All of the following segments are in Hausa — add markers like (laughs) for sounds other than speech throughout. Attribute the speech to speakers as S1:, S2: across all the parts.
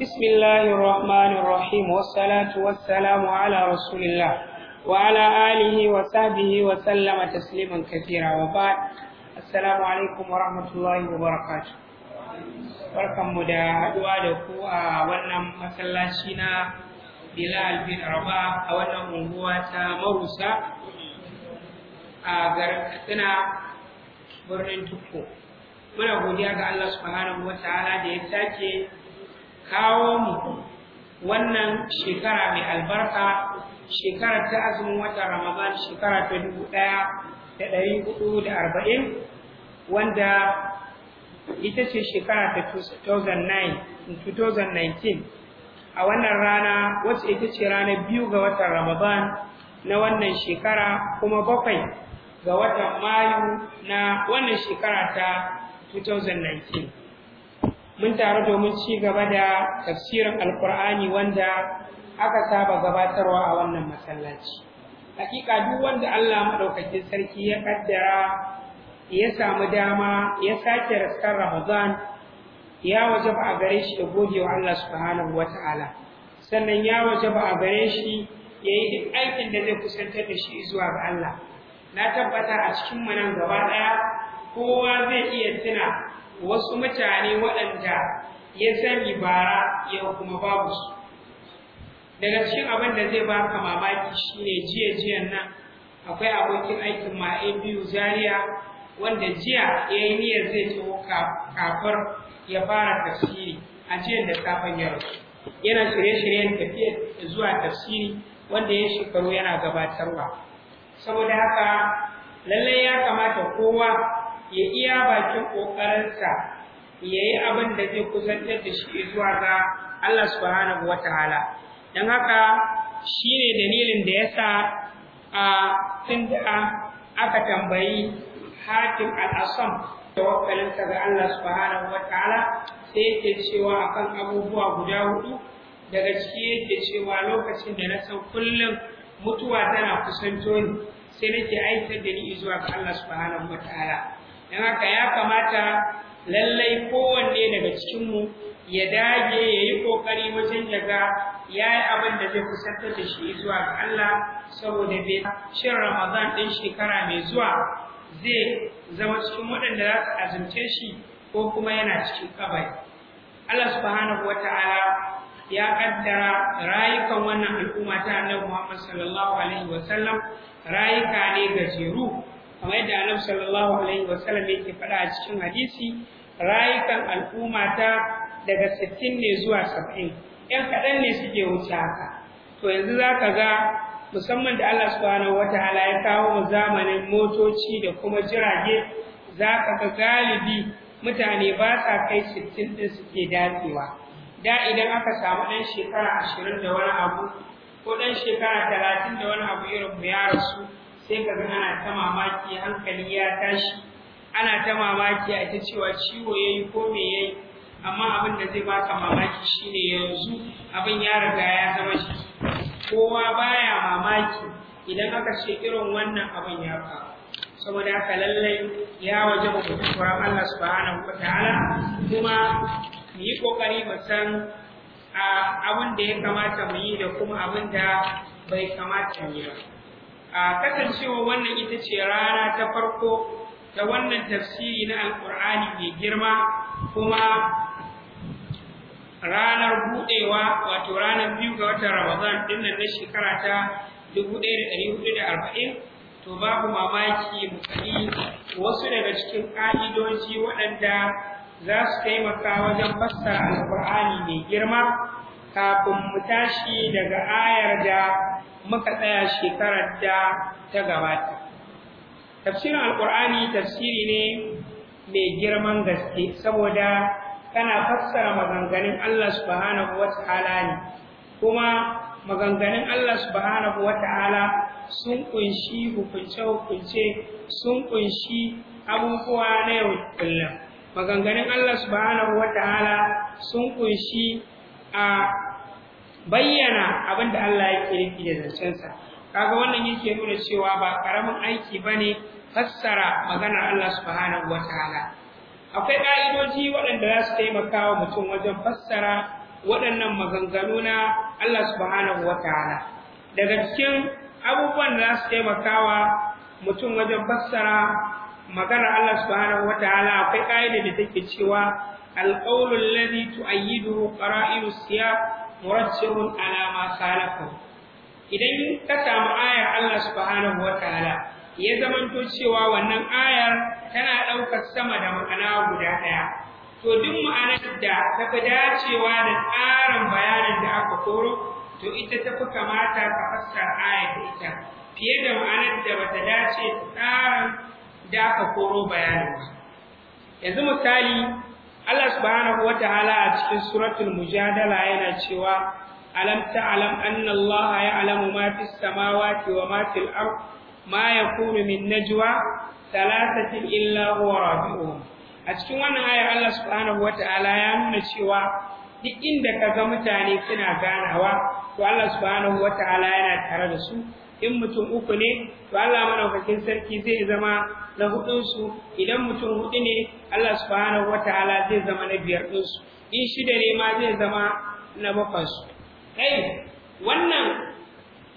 S1: بسم الله الرحمن الرحيم والصلاة والسلام على رسول الله وعلى آله وصحبه وسلم تسليما كثيرا وبعد السلام عليكم ورحمة الله وبركاته barkan mu da haɗuwa da ku a wannan masallaci na Bilal bin a wannan unguwa ta Marusa a garin Katsina birnin Tukko. Muna godiya ga Allah subhanahu wa ta'ala da ya sake kawo mu wannan shekara mai albarka shekara ta azumin watan ramadan shekara ta dubu ɗaya da ɗari hudu da arba'in wanda ita ce shekara ta 2019 a wannan rana wacce ita ce ranar biyu ga watan ramadan na wannan shekara kuma bakwai ga watan mayu na wannan shekara ta 2019 mun tare domin ci gaba da tafsirin alkur'ani wanda aka saba gabatarwa a wannan masallaci hakika duk wanda Allah madaukakin sarki ya kaddara ya samu dama ya sake raskar ramadan ya waje ba a gare shi da wa Allah subhanahu wataala sannan ya waje ba a gare shi yayi duk aikin da zai kusantar da shi zuwa ga Allah na tabbata a cikin manan gaba daya kowa zai iya tuna wasu mutane waɗanda ya sani bara yau kuma babu su daga cikin abin da zai baka mamaki shine jiya jiyan nan akwai abokin aikin ma biyu zaria wanda jiya ya yi niyyar zai taho kafar ya fara tafsiri a jiyan da safen yau yana shirye-shiryen tafiya zuwa tafsiri wanda ya shekaru yana gabatarwa saboda haka lallai ya kamata kowa ya iya bakin ƙoƙarinsa ya yi abin da zai kusantar da shi zuwa ga Allah subhanahu wataala dan haka shine dalilin da yasa sa a tun aka tambayi hatim al'asam ta ga Allah subhanahu wataala sai yake cewa akan abubuwa guda hudu daga ciki yake cewa lokacin da na san kullum mutuwa tana kusanto ni sai nake aikata da ni zuwa ga Allah subhanahu wataala don haka ya kamata lallai kowanne daga cikinmu ya dage ya yi ƙoƙari wajen daga ya yi abin da zai kusantar da shi zuwa ga Allah saboda bai shin Ramadan ɗin shekara mai zuwa zai zama cikin waɗanda za su azumce shi ko kuma yana cikin kabari. Allah subhanahu wa ta'ala ya ƙaddara rayukan wannan al'umma ta annabi Muhammad sallallahu alaihi wa sallam rayuka ne gajeru kamar yadda annabi sallallahu alaihi wasallam yake faɗa a cikin hadisi rayukan al'umma ta daga 60 ne zuwa 70 yan kaɗan ne suke wuce haka to yanzu za ka ga musamman da Allah subhanahu wataala ya kawo mu zamanin motoci da kuma jirage za ga galibi mutane ba sa kai 60 ɗin suke dacewa da idan aka samu dan shekara ashirin da wani abu ko dan shekara talatin da wani abu irin mu ya rasu sai ka ga ana ta mamaki hankali ya tashi ana ta mamaki a ta cewa ciwo ya yi ko me ya amma abin da zai baka mamaki shine yanzu abin ya riga ya zama shi kowa baya mamaki idan aka ce irin wannan abin ya faru saboda haka lallai ya waje mu fi Allah subhanahu ta'ala kuma mu yi kokari mu san abin da ya kamata mu yi da kuma abin da bai kamata mu yi ba a kasancewa wannan ita ce rana ta farko ta wannan tafsiri na alkur'ani mai girma kuma ranar budewa wato ranar biyu ga watan ramadan dinnan na shekara ta 1440 to babu mamaki mu kari wasu daga cikin ƙa'idoji waɗanda za su taimaka wajen fassara alkur'ani mai girma kafin mu tashi daga ayar da muka tsaya shekarar da ta gabata tafsirin Al’ur'ani tafsiri ne mai girman gaske saboda kana fassara maganganun Allah subhanahu wata'ala ne kuma maganganun Allah subhanahu wata'ala sun kunshi hukunce-hukunce sun kunshi abubuwa na yau kullum maganganun Allah subhanahu wata'ala sun kunshi a bayyana abinda Allah ya kirki da zancensa kaga wannan yake nuna cewa ba karamin aiki bane fassara magana Allah subhanahu wataala akwai ka'idoji waɗanda za su taimaka wa mutum wajen fassara waɗannan maganganu na Allah subhanahu wataala daga cikin abubuwan da za su taimaka wa mutum wajen fassara magana Allah subhanahu wataala akwai ka'ida da take cewa القول الذي تؤيده قرائن السياق مرجح على ما خالفه idan ka samu ayar Allah subhanahu ta'ala ya zamanto cewa wannan ayar tana ɗaukar sama da ma'ana guda ɗaya to duk ma'anar da ta fi dacewa da tsarin bayanin da aka koro to ita ta fi kamata ka fassar ayar da ita fiye da ma'anar da bata dace tsarin da aka koro bayanin ba yanzu misali Allah subhanahu wataala a cikin suratul mujadala yana cewa alam ta'lam anna Allah ya'lamu ma fis samawati wa ma fil ard ma yakunu min najwa thalathatin illa huwa rabi'uhum a cikin wannan ayar Allah subhanahu wataala ya nuna cewa duk inda kaga mutane suna ganawa to Allah subhanahu wataala yana tare da su in mutum uku ne to Allah madaukakin sarki zai zama na hudunsu idan mutum hudu ne Allah subhanahu wataala zai zama na biyar ɗinsu in shida ne ma zai zama na bakwansu Kai wannan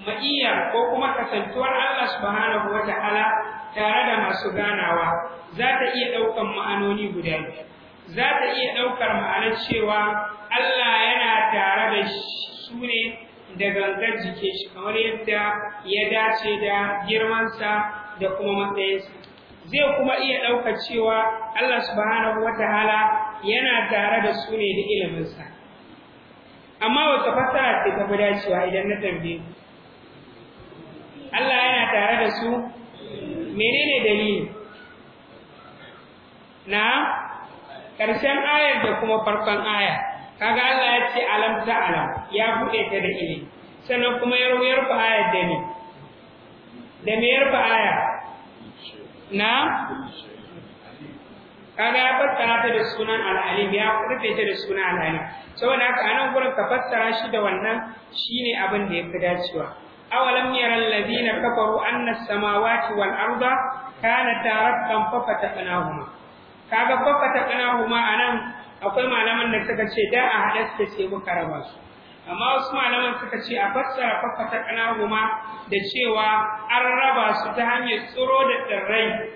S1: ma'iya ko kuma kasantuwar Allah subhanahu wataala tare da masu ganawa za ta iya ɗaukan ma'anoni guda biyar, za ta iya ɗaukar ma'anar cewa Allah yana tare da su ne da gangar jiki, shi kamar yadda ya dace da girmansa da kuma matsayinsa zai kuma iya ɗauka cewa Allah subhanahu wataala yana tare da su ne da iliminsa amma wata fasara ce ta fi dacewa idan na tambaye Allah yana tare da su menene dalili na ƙarshen ayar da kuma farkon ayar kaga Allah ya ce alam ta alam ya bude ta da ilimi sannan kuma ya ruwayar fa aya da ni da me fa aya na kaga ya fassara ta da sunan al'alim ya kurfe ta da sunan al'alim saboda haka anan gurin ka fassara shi da wannan shine abin da yafi dacewa awalam yaral ladina kafaru anna as-samawati wal arda kana rattan fa fataqnahuma kaga kana a anan akwai malaman da suka ce da a hadas ta ce muka raba su amma wasu malaman suka ce a fassara kana ƙanahuma da cewa an raba su ta hanyar tsoro da tsirrai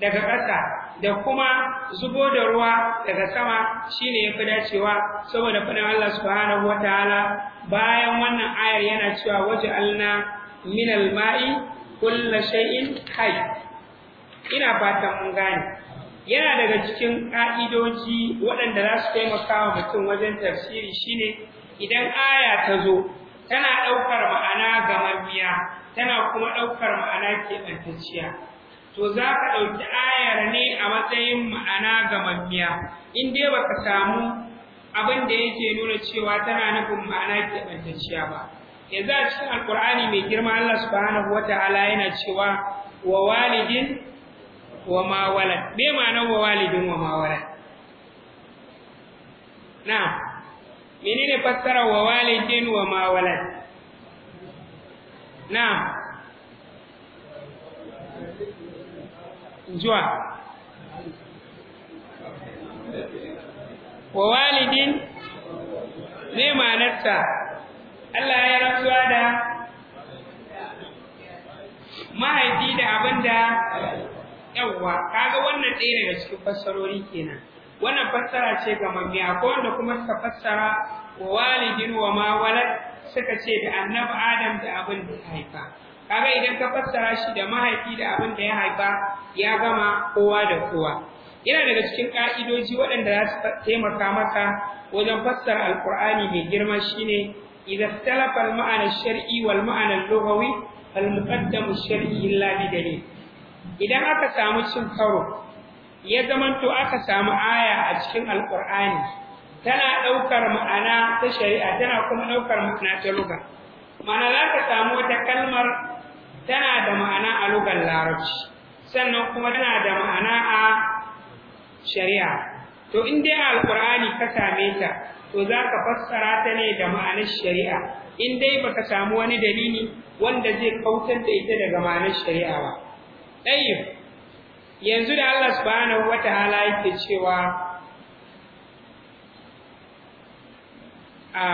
S1: daga ƙasa da kuma zubo da ruwa daga sama shine yafi dacewa saboda faɗin Allah subhanahu wataala bayan wannan ayar yana cewa waje min minal ma'i kullu shay'in hayy ina fatan mun gane yana daga cikin ƙa'idoji waɗanda za su taimaka wa mutum wajen tafsiri shine idan aya ta zo tana ɗaukar ma'ana gamammiya tana kuma ɗaukar ma'ana keɓantacciya to za ka ɗauki ayar ne a matsayin ma'ana gamammiya in dai ba ka samu abin da yake nuna cewa tana nufin ma'ana keɓantacciya ba yanzu a cikin alƙur'ani mai girma allah subhanahu wataala yana cewa wa walidin wa ma walad me ma'anar wa walidin wa ma walad na menene fassara wa walidin wa ma walad na
S2: zuwa wa walidin me ma'anarta Allah ya rantsuwa da mahaifi da abinda
S1: yawwa kaga wannan ɗaya daga cikin fassarori kenan wannan fassara ce ga mamme akwai wanda kuma suka fassara wa walidin wa ma walad suka ce da annabi adam da abin da ya haifa kaga idan ka fassara shi da mahaifi da abin da ya haifa ya gama kowa da kowa yana daga cikin ka'idoji waɗanda za su taimaka maka wajen fassara Alƙur'ani mai girma shine idan talafar al-ma'ana shar'i wal ma'ana al-lughawi al muqaddam shar'i illa bi idan aka samu cin karo ya zamanto aka samu aya a cikin alkur'ani tana daukar ma'ana ta shari'a tana kuma daukar ma'ana ta lugha ma'ana za ka samu wata kalmar tana da ma'ana a lugar larabci sannan kuma tana da ma'ana a shari'a to in dai alkur'ani ka same ta to za ka fassara ta ne da ma'anar shari'a in dai baka samu wani dalili wanda zai kautar da ita daga ma'anar shari'a ba ɗayyib yanzu da Allah subhanahu wata ta'ala yake cewa a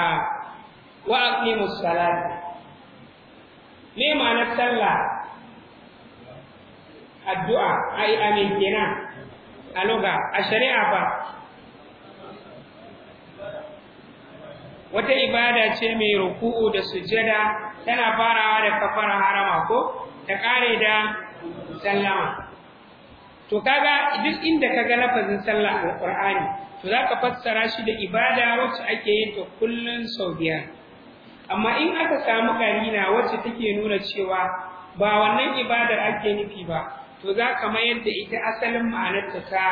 S1: wa aqimus salat me na sallah addu'a ai amin kenan a lugha a shari'a fa wata ibada ce mai ruku'u da sujada tana farawa da kafara harama ko ta kare da sallama to kaga duk inda kaga lafazin sallah a to zaka fassara shi da ibada wacce ake yin ta kullun sau biyar amma in aka samu na wacce take nuna cewa ba wannan ibadar ake nufi ba to zaka mayar da ita asalin ma'anar ta ta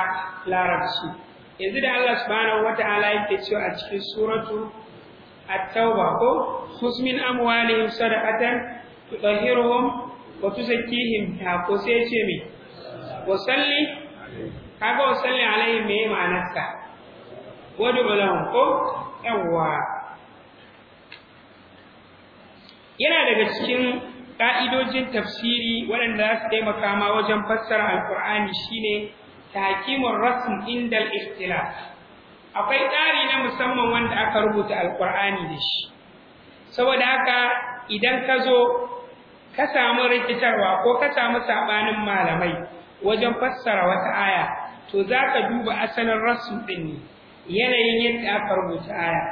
S1: larabci yanzu da Allah subhanahu wata'ala yake cewa a cikin suratu at-tauba ko husmin amwalihim sadaqatan tutahhiruhum wa tusakkihim ta ko sai ce me wa salli kaga wa salli alaihim me ma'anarsa wadu lahum ko yawwa yana daga cikin ka'idojin tafsiri waɗanda za su taimaka ma wajen fassara alkur'ani shine tahkimur rasm indal ikhtilaf akwai tsari na musamman wanda aka rubuta alkur'ani da shi saboda haka idan ka zo ka samu rikitarwa ko ka samu sabanin malamai wajen fassara wata aya to zaka duba asalin rasu din ne yanayin yadda aka rubuta aya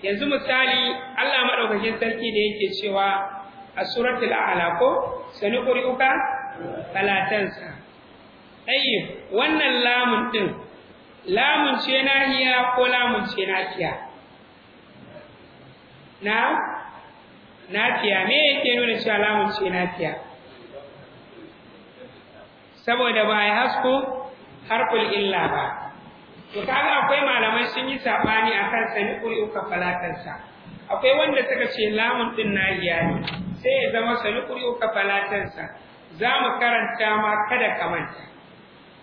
S1: yanzu misali Allah madaukakin sarki da yake cewa a suratul a'la ko sani qur'uka talatansa tayyib wannan lamun din lamun ce nahiya ko lamun ce nafiya na nafiya me yake nuna cewa lamun ce nafiya saboda ba ya hasko harful illa ba to kaga akwai malamai sun yi sabani akan sani uka falatansa akwai wanda suka ce lamun din iya ne sai ya zama sani uka falatansa za mu karanta ma kada ka manta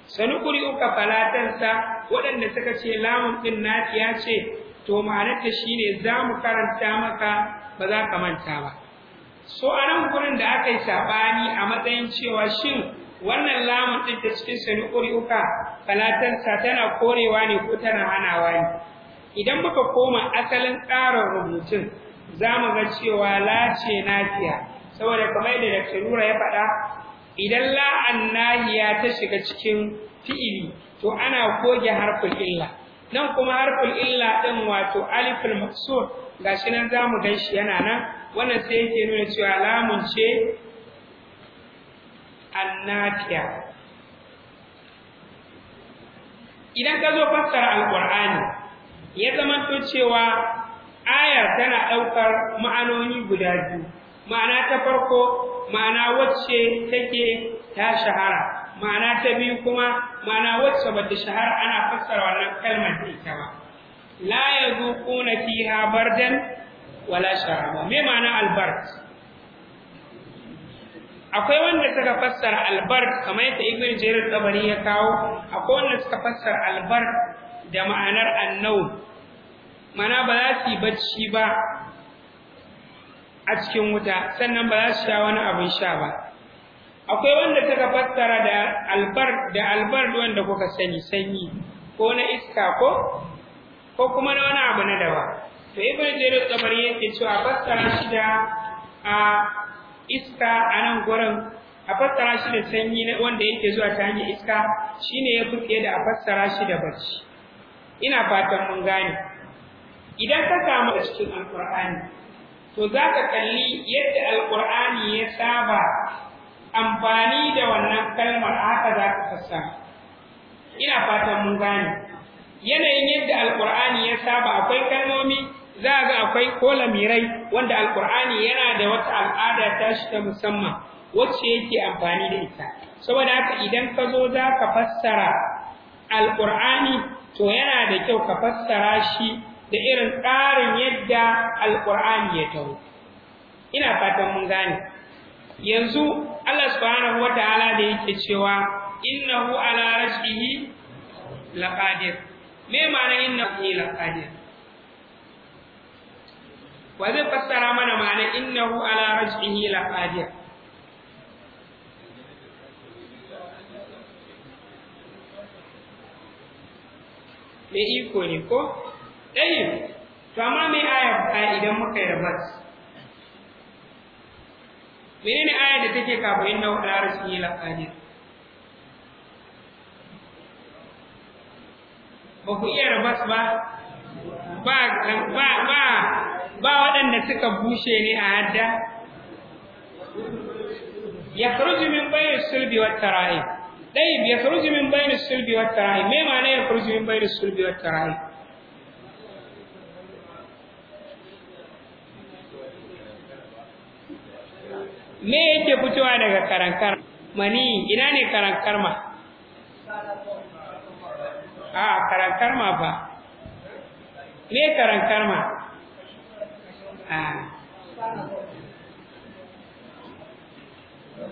S1: sani uka falatansa waɗanda suka ce lamun din nafiya ce to ta shine za mu karanta maka ba za ka manta ba so a nan gurin da aka yi saɓani a matsayin cewa shin wannan lamun ɗin ta cikin sani uka falatansa tana korewa ne ko tana hanawa ne idan muka koma asalin tsarin rubutun za mu ga cewa lace nafiya saboda kamar da Dr. ya faɗa idan la'an nahiya ta shiga cikin fi'ili to ana goge harfin illa nan kuma harful illa din wato aliful maksur gashi nan zamu ganshi yana nan wannan sai yake nuna cewa lamun ce annafiya idan ka zo fassara alqur'ani ya zama to cewa ayar tana ɗaukar ma'anoni guda biyu ma'ana ta farko ma'ana wacce take ta shahara ma'ana ta biyu kuma ma'ana wacce bata shahara ana fassara wannan kalmar da ita ba la yazuquna fiha bardan wala sharaba me ma'ana albard akwai wanda suka fassara albard kamar yadda ibn jarir tabari ya kawo akwai wanda suka fassara albard da ma'anar annau mana ba za su yi bacci ba a cikin wuta sannan ba za su sha wani abin sha ba akwai wanda suka fassara da albar da albar wanda kuka sani sanyi ko na iska ko ko kuma na wani abu na daba to ibn jarir tabari yake cewa fassara shi da a iska a gurin a fassara shi da sanyi wanda yake zuwa ta hanyar iska shine ya fiye da a fassara shi da barci ina fatan mun gane idan ka samu a cikin alqur'ani to ka kalli yadda Alƙur'ani ya saba amfani da wannan kalmar haka za ka fassara ina fatan mun gane yanayin yadda alkur'ani ya saba akwai kalmomi za a ga akwai ko lamirai wanda alkur'ani yana da wata al'ada ta shi ta musamman wacce yake amfani da ita saboda haka idan ka zo za ka fassara alkur'ani to yana da kyau ka fassara shi da irin tsarin yadda alkur'ani ya taho ina fatan mun gane yanzu Allah subhanahu wataala da yake cewa innahu ala rashihi laqadir me ma'ana innahu laqadir wa zai fassara mana ma'ana innahu ala rashihi laqadir me iko ne ko ɗayin to amma me aya idan muka yi da bas menene aya da take kafin inna ala rasuli la qadir ba ku iya rabas ba ba ba ba ba waɗanda suka bushe ne a hadda yakhruju min bayni sulbi wat tarahi dai yakhruju min bayni
S2: sulbi wat tarahi me ma'ana yakhruju min bayni sulbi wat tarahi me yake fitowa daga karankar mani ina ne karankar ma a karankar ma fa
S1: me karankar ma a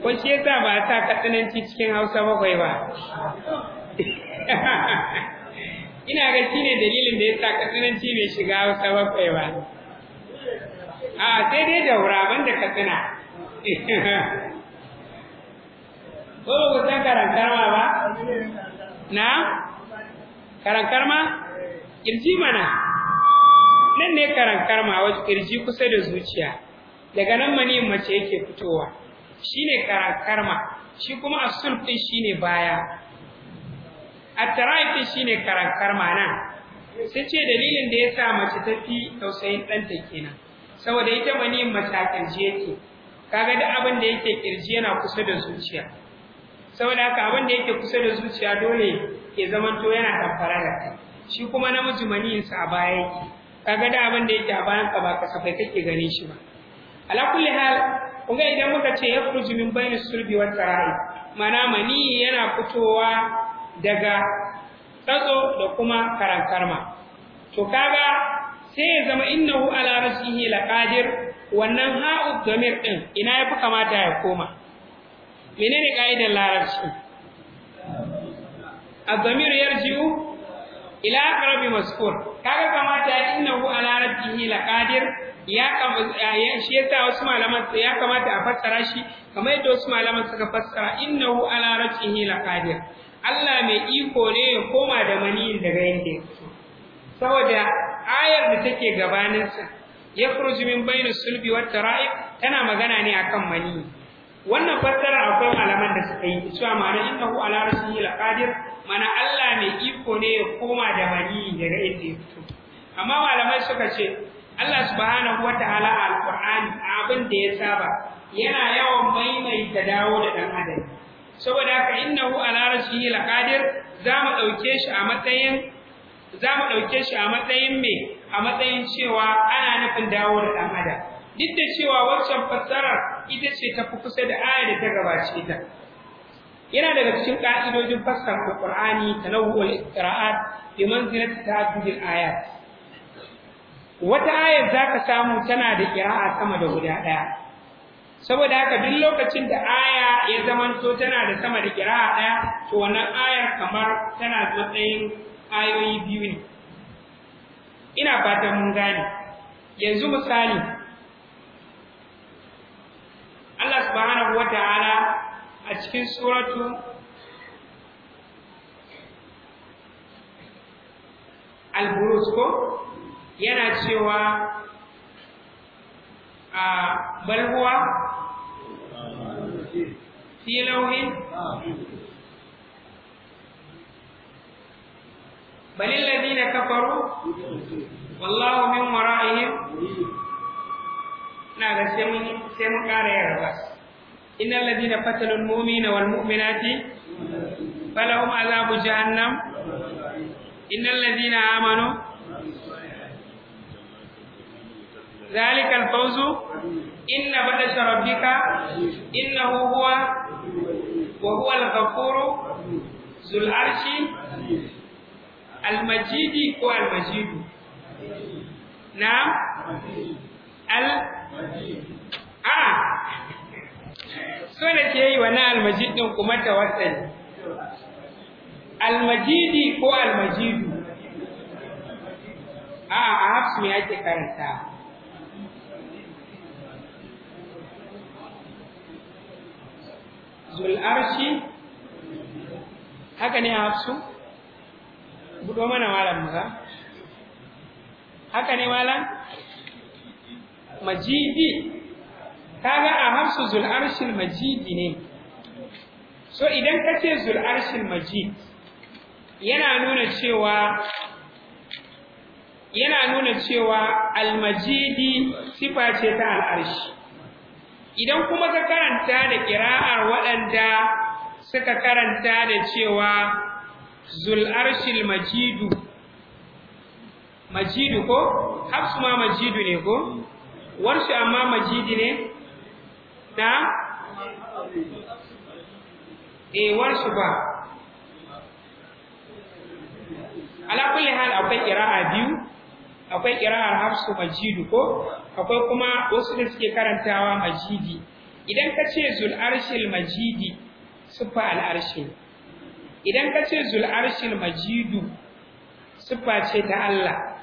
S1: ko shi yasa ba ta katsananci cikin hausa bakwai ba (laughs) ina ga shi ne dalilin da ya sa katsananci bai shiga hausa bakwai ba a sai dai da wuraban da katsina ko ba ku san karankarma ba na karankarma kirji mana nan ne karankarma wajen kirji kusa da zuciya daga nan mani mace yake fitowa shine karankarma shi kuma asul din shine baya at-tarayt shine karankarma nan sai ce dalilin da yasa mace tafi tausayin ɗanta kenan saboda ita mani matakan je yake kaga duk abin da yake kirji yana kusa da zuciya saboda haka abin da yake kusa da zuciya dole ya zamanto yana tafara da kai shi kuma namiji maniyinsa a baya yake kaga da abin da yake a bayan ka ba kasafai kake ganin shi ba ala kulli hal kun idan muka ce yakhruju min bayni sulbi wa tara'i mana mani yana fitowa daga tsatso da kuma karankarma to kaga sai ya zama innahu ala rasihi laqadir wannan ha'u damir din ina yafi kamata ya koma menene kaidar larabci الضمير jiwu? ila aqrabi maskur kaga kamata innahu ala rabbihi laqadir ya shi yasa wasu malaman ya kamata a fassara shi kamar yadda wasu malaman suka fassara innahu ala rabbihi laqadir Allah mai iko ne ya koma da maniyin daga yanda yake saboda ayar da take gabanin sa yakhruju min bayni sulbi wata tara'ib tana magana ne akan mani wannan fassara akwai malaman da suka yi cewa ma'ana innahu ala rasihi laqadir mana Allah mai iko ne ya koma da mani daga inda ya fito amma malamai suka ce Allah subhanahu wataala a alqur'ani abin da ya saba yana yawan maimaita dawo da dan adam saboda haka innahu ala rasihi laqadir mu dauke shi a matsayin za mu ɗauke shi a matsayin me a matsayin cewa ana nufin dawo da ɗan adam duk da cewa waccan fassarar ita ce ta fi kusa da ayar da ta gabace ta yana daga cikin ƙa'idojin fassarar alƙur'ani tanawwul qira'at bi manzilati ta'addudil ayat wata ayar zaka samu tana da qira'a sama da guda ɗaya saboda haka duk lokacin da aya ya zamanto tana da sama da qira'a ɗaya to wannan ayar kamar tana matsayin ayoyi biyu ne ina fatan mun gane yanzu misali Allah subhanahu wataala a cikin suratu al ko yana cewa a ah, balhuwa fi بل الذين كفروا والله من ورائهم نعم سيمون سيمون كاري رباس إن الذين قتلوا المؤمنين والمؤمنات فلهم عذاب جهنم إن الذين آمنوا
S3: ذلك الفوز
S1: إن بدش ربك إنه هو وهو الغفور ذو العرش almajidi ko almajidu ah! na al a so da ke yi wani almajid din kuma tawassali almajidi ko almajidu
S2: ah, a a hafsu me ake
S1: karanta
S2: Zul'arshi, haka ne a hafsu
S1: budo mana malam maza haka ne malam majidi kaga a hamsu zul arshil majidi ne so idan ka ce zul arshil majid yana nuna cewa yana nuna cewa almajidi sifa ce ta arshi idan kuma ka karanta da kira'ar waɗanda suka karanta da cewa zul arshil majidu majidu ko hafsu ma majidu ne ko warshi amma majidi ne na
S2: eh warshi ba
S1: ala kulli hal akwai qira'a biyu akwai qira'ar hafsu majidu ko akwai kuma wasu da suke karantawa majidi idan ka ce zul arshil majidi sufa al arshil idan ka ce zul arshil majidu sifa ce ta Allah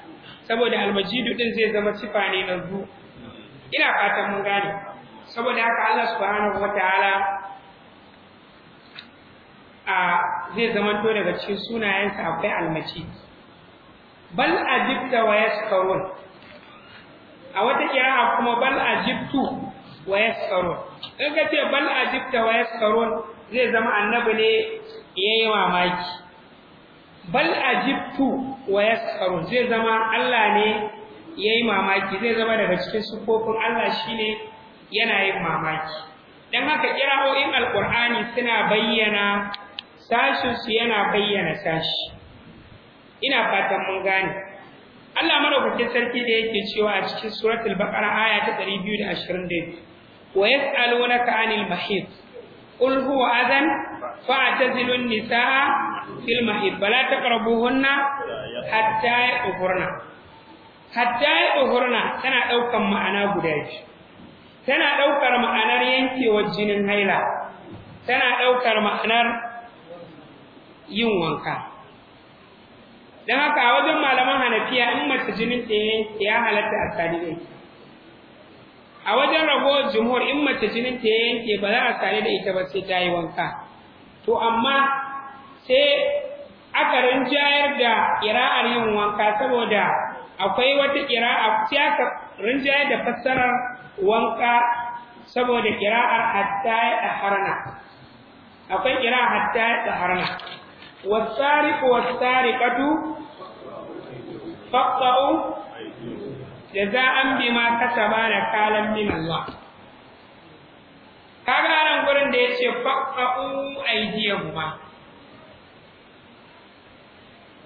S1: saboda al-majidu din zai zama sifa ne na zu ina fatan mun gane saboda haka Allah subhanahu wataala a zai zama to daga cikin sunayensa akwai majid bal ajibta wa yaskarun a wata kira kuma bal ajibtu wa yaskarun in ka ce bal ajibta wa yaskarun zai zama annabi ne yayi mamaki bal ajibtu wa tsaro? zai zama Allah ne yayi mamaki zai zama daga cikin sukofin Allah shine yana yin mamaki dan haka kira'o'in alqur'ani suna bayyana sashin su yana bayyana sashi ina fatan mun gane Allah madaukakin sarki da yake cewa a cikin suratul baqara aya ta 222 wa yas'alunaka 'anil mahid قل هو أذن فاعتزلوا النساء في المحيط فلا تقربوهن حتى يطهرن حتى يطهرن تنا ɗaukan ma'ana guda biyu tana ɗaukar ma'anar yankewar jinin haila tana ɗaukar ma'anar yin wanka don haka a wajen malaman hanafiya in mace jinin ta ya halatta a sadi a wajen rabo jumhur in mace jinin ta yanke ba za a sare da ita ba sai ta yi wanka to amma sai aka rinjayar da ƙira'ar yin wanka saboda akwai wata ƙira'a sai aka rinjayar da fassarar wanka saboda ƙira'ar hatta ya tsaharna akwai ƙira'a hatta ya tsaharna tsari wasariqatu faqta'u jaza'an bima kasaba da kalan min Allah kaga ran gurin da yace faqa'u aydiyahuma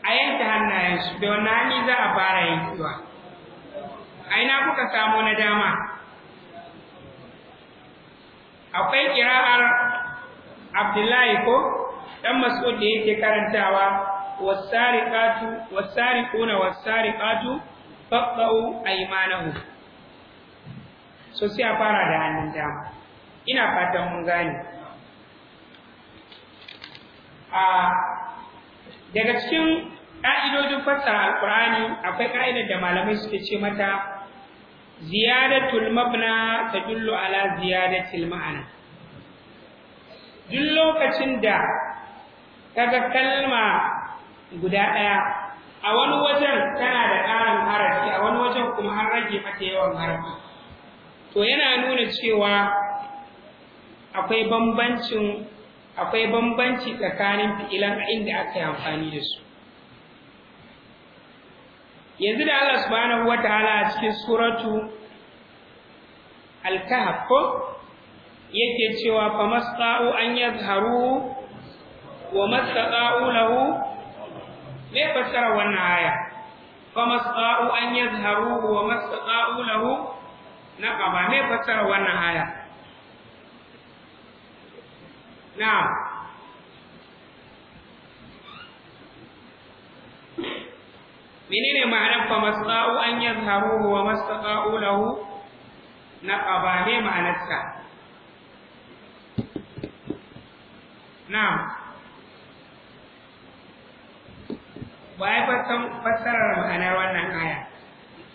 S1: a yanke hannayensu da wani hanyar za a fara kuwa a ina kuka samo na dama akwai kira'ar abdullahi ko dan mas'ud da yake karantawa wasariqatu wasariquna wasariqatu faqdau aymanahu so sai a fara da hannun dama ina fatan mun gane a daga cikin ƙa'idodin fassara alƙur'ani akwai ƙa'idar da malamai suke ce mata ziyadatul mabna tadullu ala ziyadatil ma'ana duk lokacin da kaga kalma guda ɗaya a wani wajen tana da ƙarin harafi a wani wajen kuma an rage mata yawan harafi to yana nuna cewa akwai bambancin akwai bambanci tsakanin fi'ilan inda aka yi amfani da su yanzu da Allah subhanahu wataala a cikin suratu al-kahf ko yake cewa famasta'u an yadhharu wa masta'u lahu me fassara wannan aya famasta'u an yadhharu wa masqa'u lahu naqaba me fassara wannan aya na menene ma'anar famasta'u an yadhharu wa masqa'u lahu naqaba me ma'anarsa na'am wa ya fassarar ma'anar wannan aya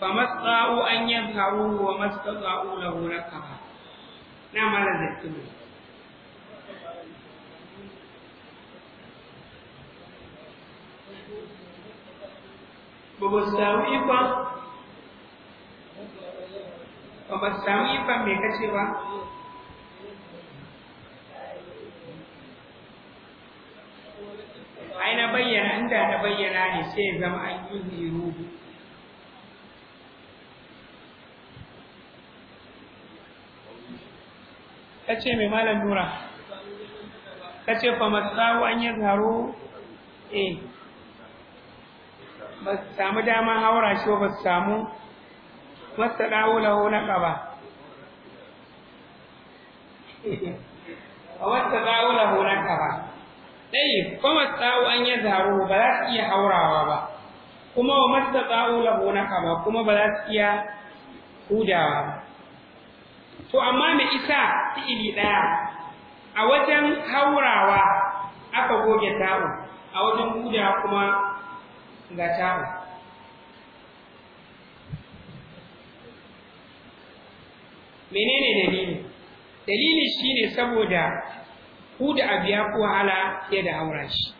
S1: fa masqa'u an yadhharu wa masqa'u lahu raqaba na mala zakki
S2: ba ba samu ikon ba ba samu ikon me kace ba ai na bayyana
S1: inda na bayyana ne sai ya zama an yi hiru ta ce mai malam nura ta ce fa masu an yi zaro eh ba su samu dama haura shi ba su samu masa dawo laho na ƙaba a (laughs) wata dawo laho na ƙaba ɗaya kuma tsawo an ya zaro ba za su iya haurawa ba kuma wa masta tsawo labo na kama kuma ba za su iya hudawa ba to amma mai isa fi'ili ɗaya a wajen haurawa aka goge ta'u a wajen hudawa kuma ga ta'u menene dalili dalili shine saboda ku da abu ya ku wahala fiye da aura shi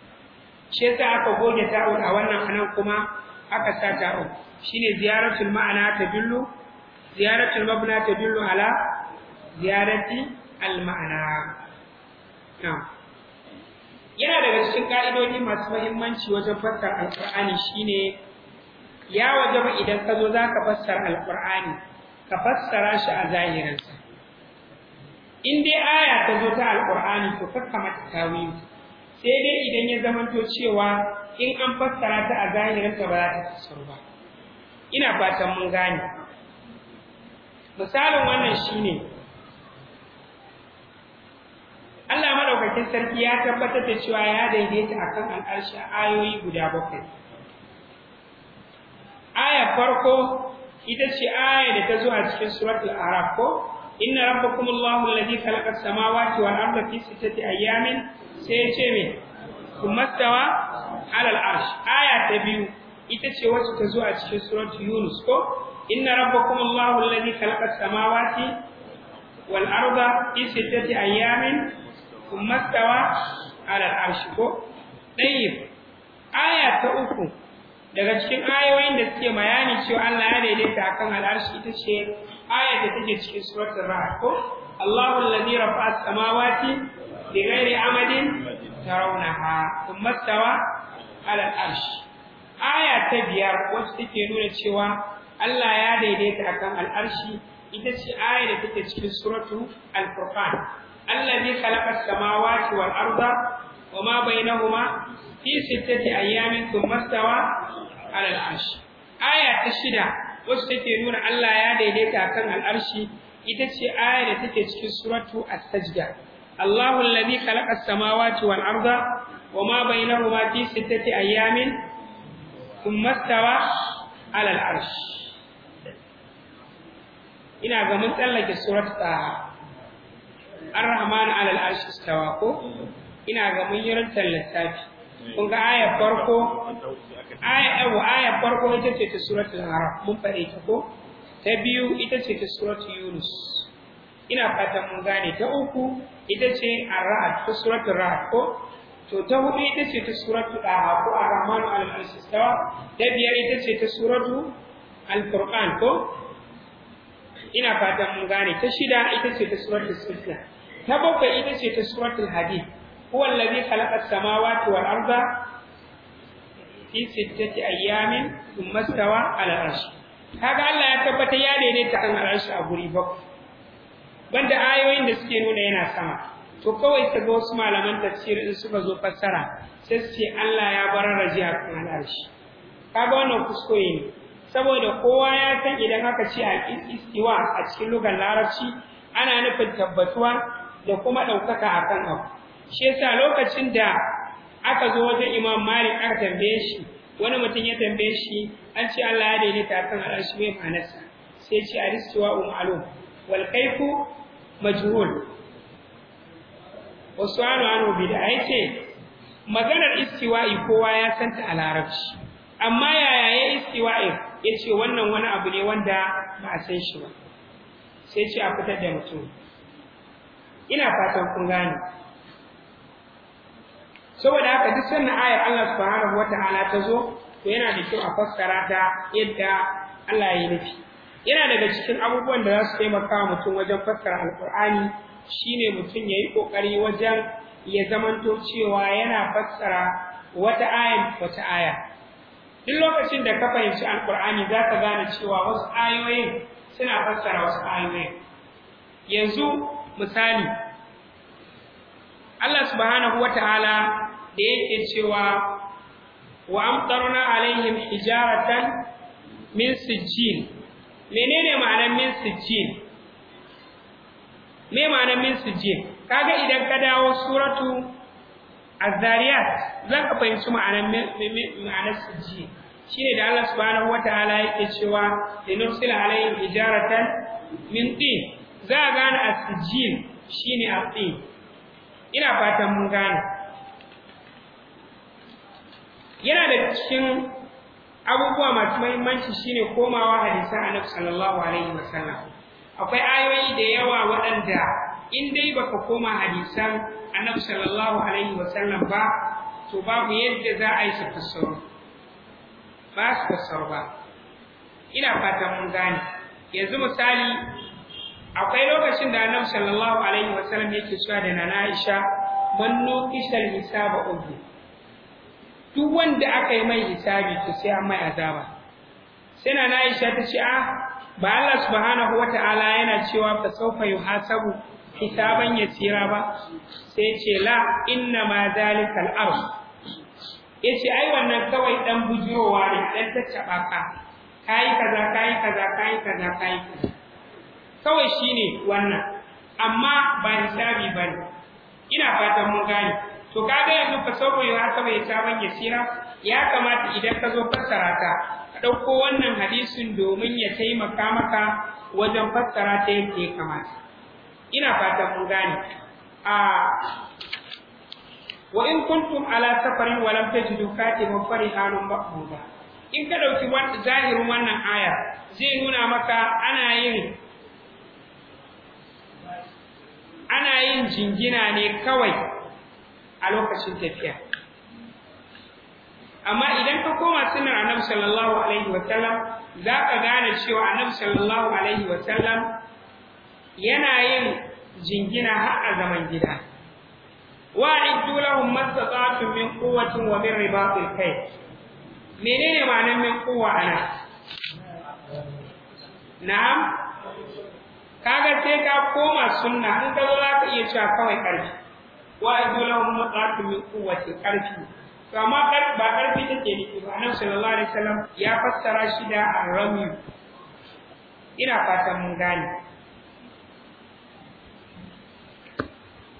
S1: shi yasa aka goge ta'un a wannan anan kuma aka sa ta'un shine ziyaratul ma'ana ta dillu ziyaratul mabna ta dillu ala ziyarati al ma'ana yana daga cikin ka'idodi masu muhimmanci wajen fassara alqur'ani shine ya wajaba idan ka zo zaka fassara alqur'ani ka fassara shi a zahirinsa in dai aya ta zo ta alqur'ani to kakka mata tawili sai dai idan ya zamanto cewa in an fassara ta a zahirin ta ba za ta fassaru ba ina fatan mun gane misalin wannan shine Allah madaukakin sarki ya tabbatar da cewa ya daidaita akan al'arshi ayoyi guda bakwai aya farko ita ce aya da ta zo a cikin suratul araf ko inna ربكم الله الذي خلق السماوات والأرض في ستة fi sittati ثم استوى على العرش آية تبيو stawa ala al-arsh يونس ta biyu ita ce wacce ta zo a cikin surat Yunus ko inna rabbakum Allahu alladhi khalaqa aya ta uku daga cikin ayoyin da suke bayani cewa Allah ya daidaita akan al'arshi ita ce ayar da take cikin suratul ra'd ko Allahu alladhi rafa'a as-samawati bighairi amadin tarawnaha thumma stawa 'ala al-'arsh aya ta biyar wacce take nuna cewa Allah ya daidaita akan al-arshi ita ce aya da take cikin suratul al-furqan alladhi khalaqa as-samawati wal-arda وما بينهما في ستة أيام ثم استوى على العرش ta shida. wasu take nuna Allah ya daidaita kan al'arshi ita ce aya da take cikin suratu as-sajda Allahu alladhi khalaqa as-samawati wal arda wama bainahuma fi sittati ayamin thumma stawa 'ala al-arsh ina ga mun tsallake suratu ta Ar-Rahman 'ala al-arsh istawa ko ina ga mun yi rantar lissafi kun ga ayar farko aya eh, wa farko ita ce ta suratul haram mun fare ta ko ta biyu ita ce ta suratul yunus ina fatan mun gane ta uku ita ce ar-ra'd ta suratul ra'd ko to ta hudu ita ce ta suratul daha ko ar-rahman al-istawa ta biyar ita ce ta suratul al-furqan ko ina fatan mun gane ta shida ita ce ta suratul sujda ta bakwai ita ce ta suratul hadid huwa allazi khalaqa as-samawati wal arda fi sittati ayyamin thumma stawa ala arsh kaga Allah ya tabbata ya daidaita kan arsh a guri ba banda ayoyin da suke nuna yana sama to kawai ta ga wasu malaman tafsir in suka zo fassara sai su Allah ya bararraje a kan arsh kaga wannan kuskure ne saboda kowa ya san idan aka ce a istiwa a cikin lugar larabci ana nufin tabbatuwa da kuma ɗaukaka akan abu shi yasa lokacin da aka zo wajen imam malik aka tambaye shi wani mutum ya tambaye shi an ce Allah ya daidaita akan al'arshi mai ma'anarsa sai ya ce aristiwa umalu wal kaifu majhul wasu anu anu bid'a ce, maganar istiwa'i kowa ya santa a larabci amma yaya ya istiwa'i yace wannan wani abu ne wanda ba a san shi ba sai ce a fitar da mutum ina fatan kun gane saboda haka duk sannan ayar Allah subhanahu wata'ala ta zo to yana da kyau a fassara ta yadda Allah ya nufi yana daga cikin abubuwan da za su taimaka mutum wajen fassara alkur'ani shine mutum ya yi ƙoƙari wajen ya zamanto cewa yana fassara wata ayar wata aya duk lokacin da ka fahimci alkur'ani za ka gane cewa wasu ayoyin suna fassara wasu ayoyin yanzu misali Allah subhanahu wataala da yake cewa wa amtaruna alaihim hijaratan min sijjin menene ma'anar min sijjin me ma'anar min sijjin kaga idan ka dawo suratu az-zariyat zaka fahimci ma'anar ma'anar sijjin shine da Allah subhanahu wataala yake cewa linursila alaihim hijaratan min tin za a gane as-sijjin shine at ina fatan mun gane yana da cikin abubuwa masu mahimmanci shine komawa hadisan annabi sallallahu alaihi wasallam akwai ayoyi da yawa waɗanda in dai baka koma hadisan annabi sallallahu alaihi wasallam ba to babu yadda za a yi su fassaro ba su fassaro ba ina fatan mun gane yanzu misali akwai lokacin da annabi sallallahu alaihi wasallam yake cewa da nana Aisha manno nuqisha al-hisaba ubi duk wanda aka yi mai hisabi to sai an mai azaba sai na Aisha ta ce a ah, ba Allah subhanahu wataala yana cewa fa sawfa yuhasabu hisaban tsira ba sai ce la inna ma zalikal ard yace ai wannan kawai dan bujirowa ne dan tattaba ka kai kaza kai kaza kai kaza kai kawai shine wannan amma ba hisabi bane ina fatan mun gane to kaga yanzu fa saboda ya ya taban yasira ya kamata idan ka zo fassara ta ka dauko wannan hadisin domin ya taimaka maka wajen fassara ta yadda ya kamata ina fatan mun gane a wa in kuntum ala safarin wa lam tajidu katiban farihanun maqbuda in ka dauki zahirin wannan aya zai nuna maka ana yin ana yin jingina ne kawai a lokacin tafiya amma idan ka koma sunan annabi sallallahu alaihi wa sallam za ka gane cewa annabi sallallahu alaihi wa sallam yana yin jingina har a zaman gida wa iddu lahum mastata'tum min quwwatin wa min ribatil khayl menene ma'anar min quwwa ana na'am
S2: kaga sai ka koma sunna in ka zo za ka iya cewa
S1: kawai ƙarfi wa azu lahum nuqatun min quwwati karfi to amma ba karfi take nufi ba nan sallallahu alaihi wasallam ya fassara shi da arami ina fatan mun gane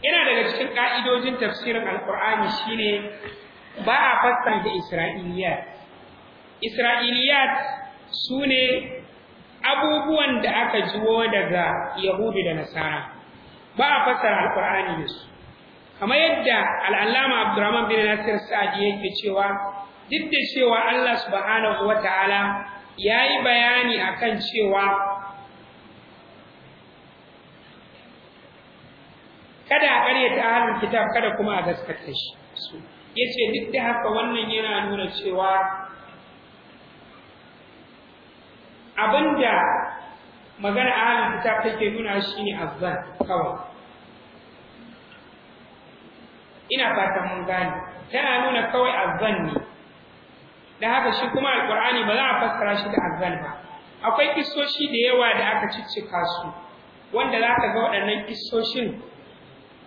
S1: ina daga cikin ka'idojin tafsirin alqur'ani shine ba a fassanta isra'iliyat isra'iliyat sune abubuwan da aka jiwo daga yahudi da nasara ba a fassara alqur'ani da su kamar yadda al'allama abdurrahman bin nasir sa'adi yake cewa duk da cewa Allah subhanahu wata'ala ya yi bayani akan cewa kada a ƙaryata ahlul kitab kada kuma a gaskata shi ya ce duk da haka wannan yana nuna cewa abinda magana ahlul kitab take nuna shine azzan kawai ina fatan mun gane tana nuna kawai azzan ne da haka shi kuma alqur'ani ba za a fassara shi da azzan ba akwai kissoshi da yawa da aka ciccika su wanda za ka ga waɗannan kissoshin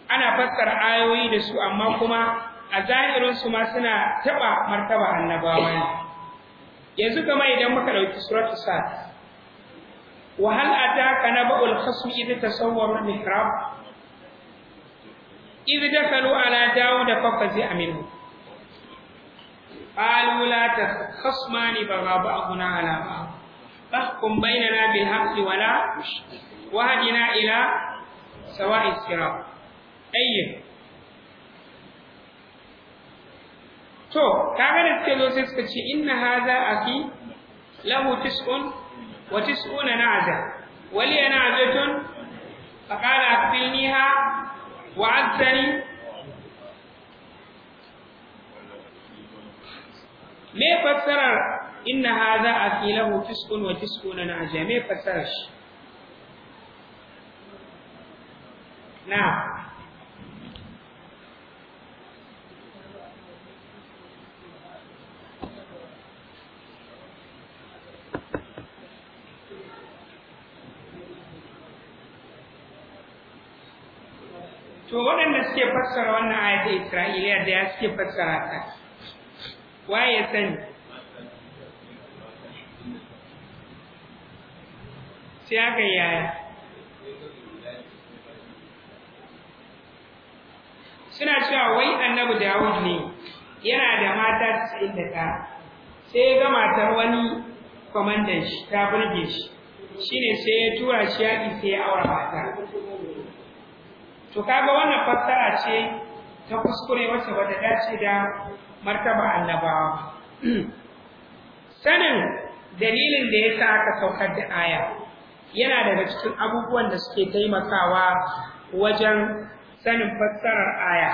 S1: ana fassara ayoyi da su amma kuma a zahirin su ma suna taɓa martaba annabawa ne yanzu kamar idan muka ɗauki suratul sad wa hal ataka naba'ul khasmi idh tasawwara mihrab إذ دخلوا على داود ففزع منه قالوا لا تخصمان بغى بعضنا على بعض فاحكم بيننا بالحق ولا وهدنا إلى سواء الصراط أي to kaga da suke zo sai suka ce inna hadha aki lahu tis'un wa tis'una na'za wa li na'zatun fa qala aqbilniha wa'adtani me fassarar inna hadha aqilahu tis'un wa tis'una na'ja me fassarar shi na'am fassara wannan ayat Isra'iliya da ya suke fassara ta waye sani sai aka yaya suna cewa wai annabi Dawud ne yana da mata 91 sai ga matar wani kwamandan shi ta burge shi shine sai ya tura shi yaƙi sai ya aura mata to kaga wannan fassara ce ta kuskure wacce ba ta dace da martaba annabawa (clears throat) sanin dalilin da yasa aka saukar da aya yana daga cikin abubuwan da suke taimakawa wajen sanin fassarar aya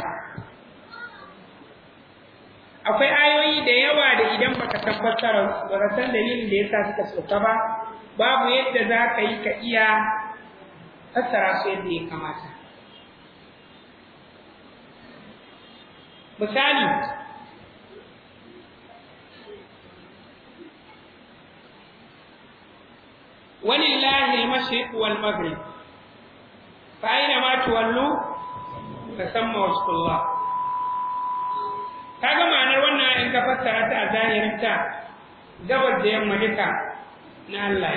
S1: akwai ayoyi da yawa da idan baka san fassarar ba ka san dalilin da yasa suka sauka ba babu yadda za ka yi ka iya fassara su yadda ya kamata misali walillahi al-mashriq wal maghrib fa aina ma tuwallu fasamma wajhullah kaga ma'anar wannan in ka fassara ta a zahirin ta gabar da yamma duka na Allah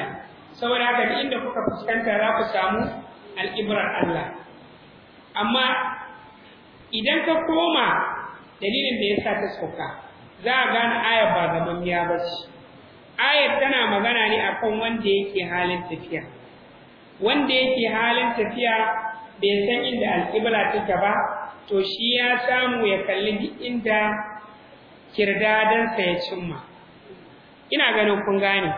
S1: saboda haka duk inda kuka fuskanta za ku samu al'ibrar Allah amma idan ka koma dalilin da yasa ta sauka za a gane ayar ba zaman ba bace ayar tana magana ne akan wanda yake halin tafiya wanda yake halin tafiya bai san inda alƙibla take ba to shi ya samu ya kalli duk inda kirdadansa ya cimma ina ganin kun gane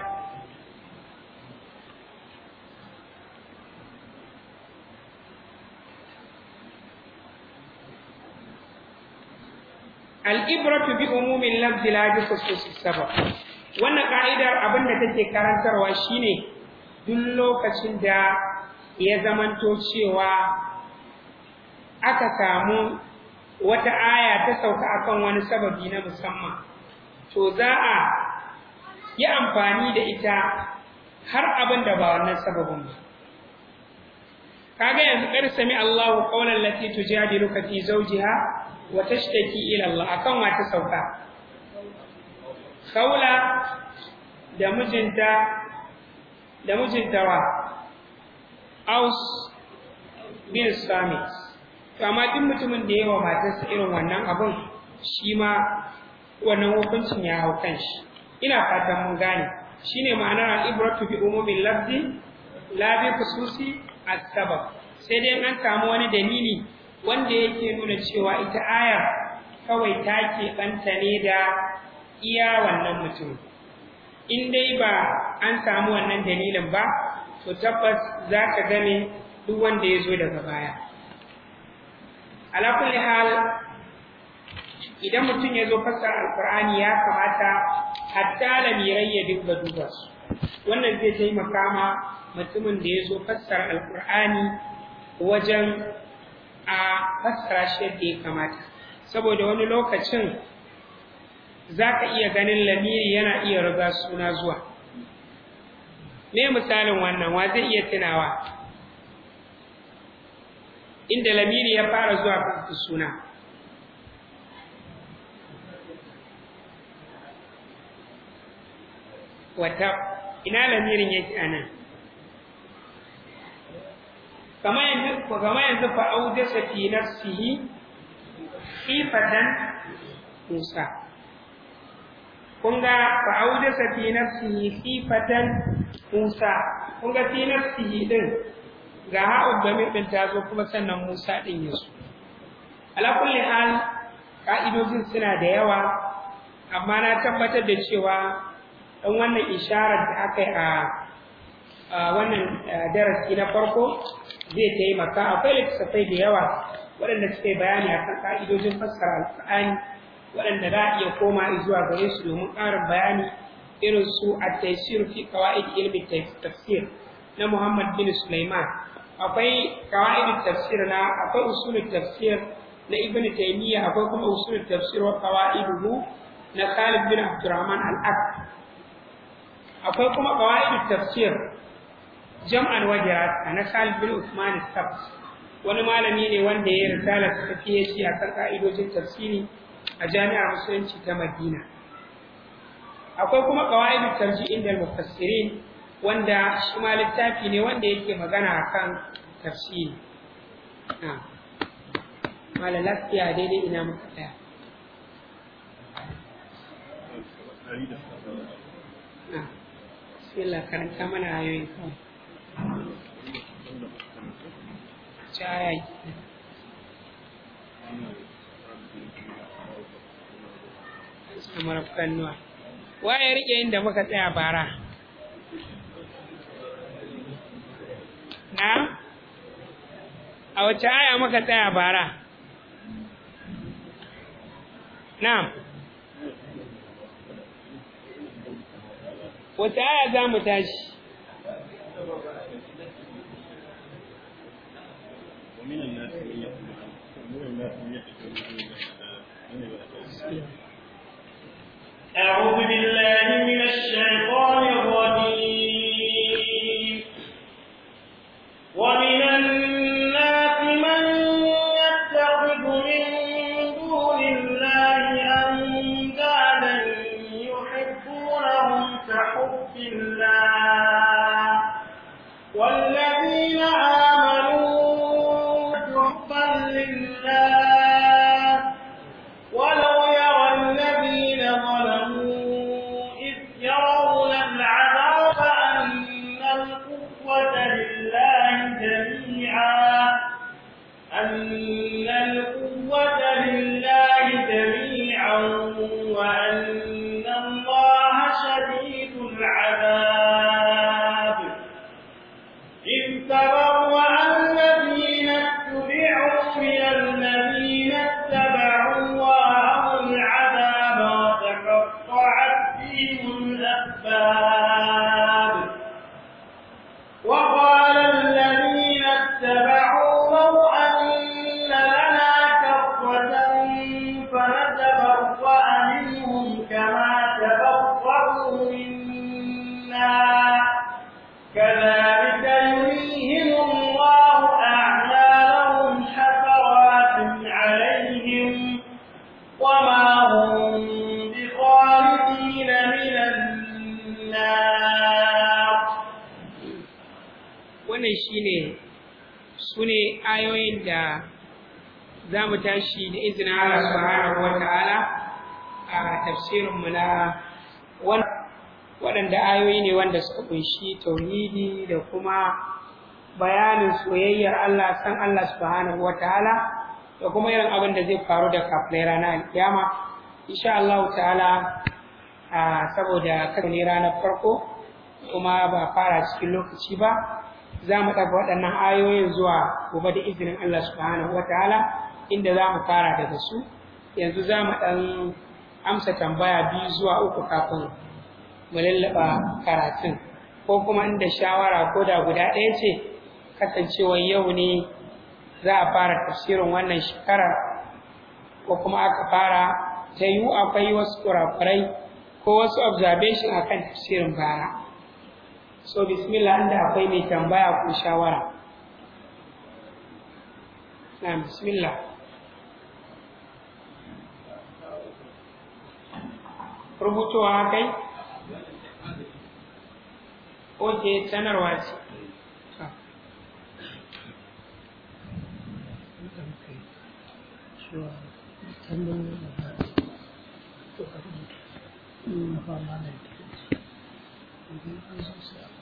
S1: al'ibratu bi umumin lafzi la bi khususis sabab wannan ka'idar abin da take karantarwa shine duk lokacin da ya zamanto cewa aka samu wata aya ta sauka akan wani sababi na musamman to za a yi amfani da ita har abin da ba wannan sababin ba kaga yanzu kar sami Allahu qawlan lati tujadiluka fi zawjiha wa tashtaki ila Allah akan wata sauka kaula da mijinta da mijinta wa aus bin sami amma duk mutumin da yawa matarsa irin wannan abun shi ma wannan hukuncin ya hau shi ina fatan mun gane shine ma'anar ibratu bi umumin lafzi la bi khususi as-sabab sai dai an samu wani dalili wanda yake nuna cewa ita aya kawai ta ke banta ne da iya wannan mutum in dai ba an samu wannan dalilin ba to tabbas za ka gane duk wanda ya zo daga baya alakulli hal idan mutum ya zo fasa alkur'ani ya kamata hatta lamirai ya duba duba su wannan zai taimaka ma mutumin da ya zo fassara alkur'ani wajen a fassara shi yadda ya kamata saboda wani lokacin za ka iya ganin lamiri yana iya riga suna zuwa me misalin wannan wa zai iya tunawa inda lamiri ya fara zuwa suna wata ina lamirin yake anan kama yanzu kama yanzu fa aujasa fi nafsihi khifatan Musa kunga fa aujasa fi nafsihi khifatan Musa kunga fi nafsihi din ga ha'ud damir din tazo kuma sannan Musa din yaso ala kulli hal ka'idojin suna da yawa amma na tabbatar da cewa don wannan isharar da aka yi a wannan eh, darasi na farko zai taimaka akwai littattafai da yawa waɗanda suka yi bayani a kan ƙa'idojin fassara alƙur'ani waɗanda za a iya koma zuwa gare su domin ƙarin bayani irin su a taisir fi qawaid ilmi tafsir na Muhammad bin Sulaiman akwai qawaid tafsir na akwai usul tafsir na Ibn Taymiyyah akwai kuma usul tafsir wa na Khalid bin Abdurrahman al-Aqd akwai kuma qawaid tafsir jam'an wajirat na Salih bin Usman al wani malami ne wanda ya risala ta shi akan ka'idojin tafsiri a Jami'ar Musulunci ta Madina akwai kuma qawaid tarjih inda mufassirin wanda shi ma littafi ne wanda yake magana akan tafsiri mala daidai ina Yeah. bismillah karanta waye rike inda muka tsaya bara na a wace aya muka tsaya bara na'am
S2: wace aya za mu tashi أعوذ بالله
S1: wannan shine ne ayoyin da za mu tashi da izinin Allah subhanahu wa ta'ala a tafsirin mu na waɗanda ayoyi ne wanda suka kunshi tauhidi da kuma bayanin soyayyar Allah san Allah subhanahu wa ta'ala da kuma irin abin da zai faru da kafin ranar alkiyama insha Allah ta'ala saboda ne ranar farko kuma ba fara cikin lokaci ba za mu ɗaga waɗannan ayoyin zuwa gobe da izinin Allah subhanahu ta'ala inda za mu fara daga su yanzu za mu ɗan amsa tambaya biyu zuwa uku kafin mu karatun ko kuma inda shawara ko da guda ɗaya ce kasancewar yau ne za a fara tafsirin wannan shekara ko kuma aka fara ta yiwu akwai wasu kurakurai ko wasu observation akan tafsirin bara so bismillah inda akwai mai tambaya ko shawara na bismillah rubutowa kai oke sanarwa ce
S2: Thank ah. you.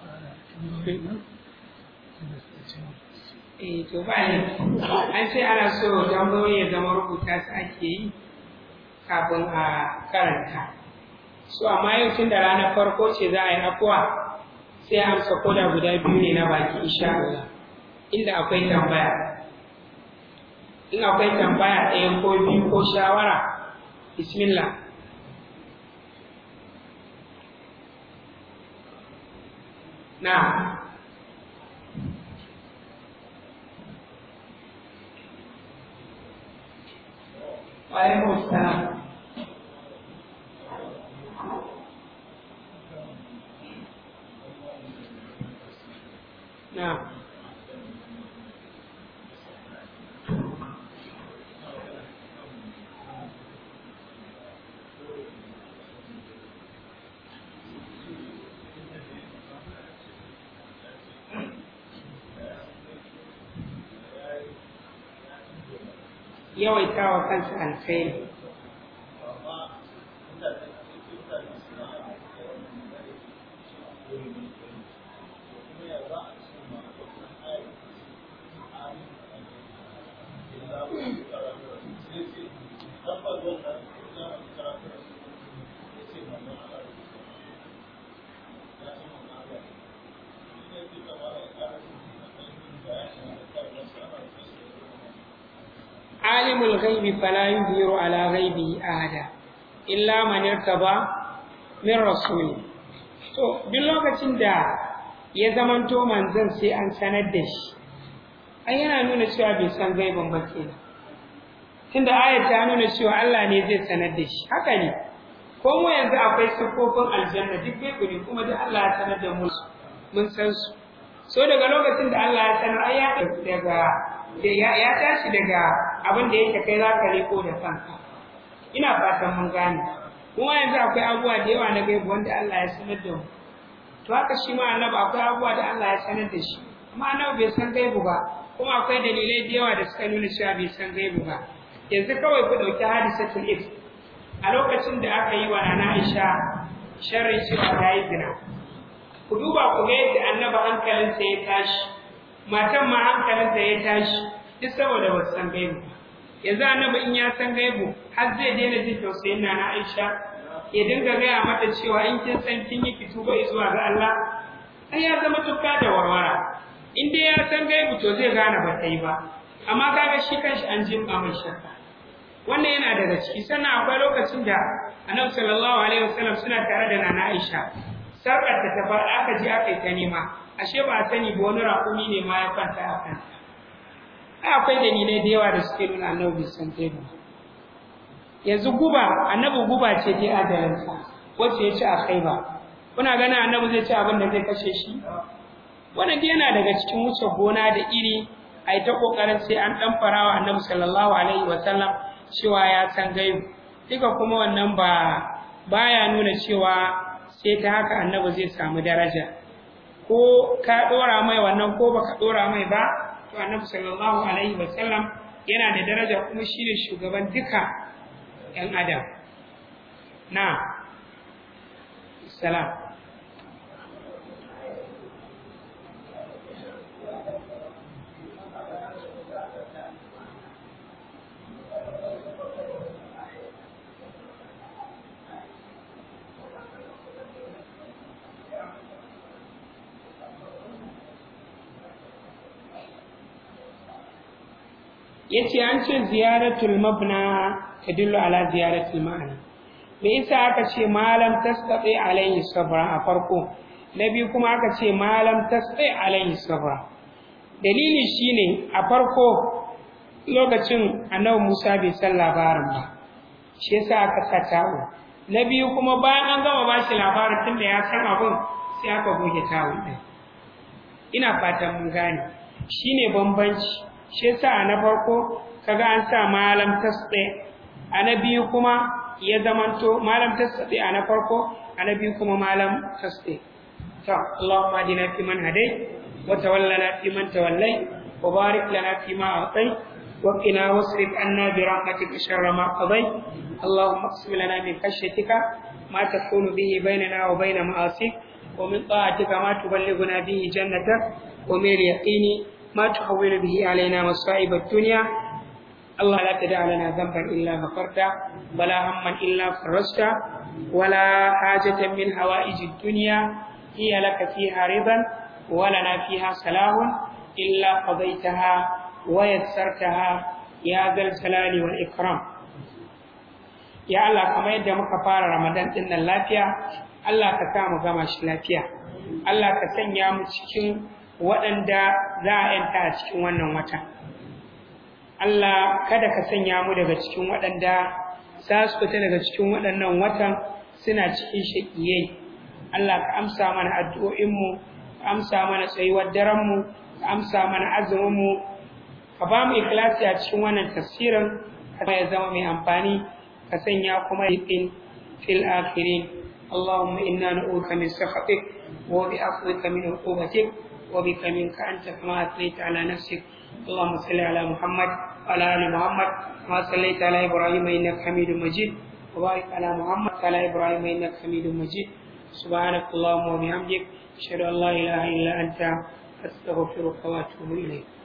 S1: eh to ba an ce ana so tambayoyi ya zama rubuta su ake yi kafin a karanta so amma yau tun da ranar farko ce za a yi afuwa sai amsa koda guda biyu ne na baki insha Allah inda akwai tambaya in akwai tambaya ɗaya ko biyu ko shawara bismillah نعم وعليكم السلام yawaita wa kansa alkhairi الغيب فلا يظهر على غيبه أحدا إلا من ارتضى من رسول to duk lokacin da ya zamanto manzon sai an sanar da shi an yana nuna cewa bai san gaiban ba kenan tunda ayat ta nuna cewa Allah ne zai sanar da shi haka ne ko mu yanzu akwai sifofin aljanna duk gaibi ne kuma duk Allah ya sanar da mu mun san su so daga lokacin da Allah ya sanar ai ya daga ya tashi daga abin da yake kai zaka riko da kanka ina fatan mun gane kuma yanzu akwai abubuwa da yawa na gaibu wanda Allah ya sanar da mu to haka shi ma annabi akwai abubuwa da Allah ya sanar da shi amma annabi bai san gaibu ba kuma akwai dalilai da yawa da suka nuna cewa bai san gaibu ba yanzu kawai ku dauki hadisatul if a lokacin da aka yi wa nana Aisha sharri cewa ta yi zina ku duba ku ga yadda annabi hankalinsa ya tashi matan ma hankalinta ya tashi duk saboda wasan gaibu yanzu annabi in ya san gaibu har zai daina jin tausayin na Aisha ya dinga gaya mata cewa in kin san kin yi fito ba zuwa ga Allah ai ya zama tukka da warwara in dai ya san gaibu to zai gane ba ta ba amma kaga shi kanshi an jin ba mai shakka wannan yana daga ciki sannan akwai lokacin da annabi sallallahu alaihi wasallam suna tare da nana Aisha sarkar ta aka ji aka yi ta nema ashe ba sani ba wani raƙumi ne ma ya kwanta a kansa akwai dalilai da yawa da suke nuna annabi san gaibu yanzu guba annabi guba ce dai a jaransa wacce ya ci a kai ba. kuna ganin annabi zai ci abin da zai kashe shi wannan dai yana daga cikin wuce gona da iri ai ta kokarin sai an dan farawa annabi sallallahu alaihi wasallam cewa ya san gayu duka kuma wannan ba baya nuna cewa sai ta haka annabi zai samu daraja ko ka dora mai wannan ko baka dora mai ba to annabi sallallahu alaihi wa sallam yana da daraja kuma shine shugaban duka ɗan adam na salam yace an ce ziyaratul mabna tadullu ala ziyaratul ma'ana me yasa aka ce malam tasqi alayhi sabra a farko na biyu kuma aka ce malam tasqi alayhi sabra dalili shine a farko lokacin annabi Musa bai san labarin ba shi yasa aka sa tawo na biyu kuma bayan an gama ba shi labarin tun da ya san abin sai aka goge tawo ina fatan mun gane shine bambanci shi yasa na farko kaga an sa malam tasdi anabi kuma ya zamanto malam tasdi a na farko anabi kuma malam tasdi to allahumma dina fi man hadai wa tawallana fi man tawallai wa barik lana fi ma atai wa qina wasrif anna bi rahmatika sharra ma qadai allahumma aqsim lana min khashyatika ma takunu bihi bainana wa baina ma'asik ومن طاعتك ما تبلغنا به جنتك ومن يقيني ما تحول به علينا مصائب الدنيا الله لا تدع لنا ذنبا إلا غفرته ولا هما إلا فرجته ولا حاجة من حوائج الدنيا هي لك فيها رضا ولنا فيها صلاح إلا قضيتها ويسرتها يا ذا الجلال والإكرام يا الله كما يدى مكفار رمضان إن اللافية الله كتام غمش لافية الله كسن يا مشكين waɗanda za a yanta a cikin wannan wata Allah kada ka sanya mu daga cikin waɗanda za su fita daga cikin waɗannan watan suna cikin shaƙiyai Allah ka amsa mana addu'o'inmu ka amsa mana tsayuwar daranmu ka amsa mana azuminmu ka ba mu ikilasi a cikin wannan tafsirin ka ya zama mai amfani ka sanya kuma yiɗin fil inna اللهم إنا نعوذ من سخطك وبعفوك من عقوبتك وبك منك أنت كما أثنيت على نفسك اللهم صل على محمد وعلى آل محمد كما صليت على إبراهيم إنك حميد مجيد وبارك على محمد وعلى إبراهيم إنك حميد مجيد سبحانك اللهم وبحمدك أشهد أن لا إله إلا أنت
S3: أستغفرك وأتوب إليك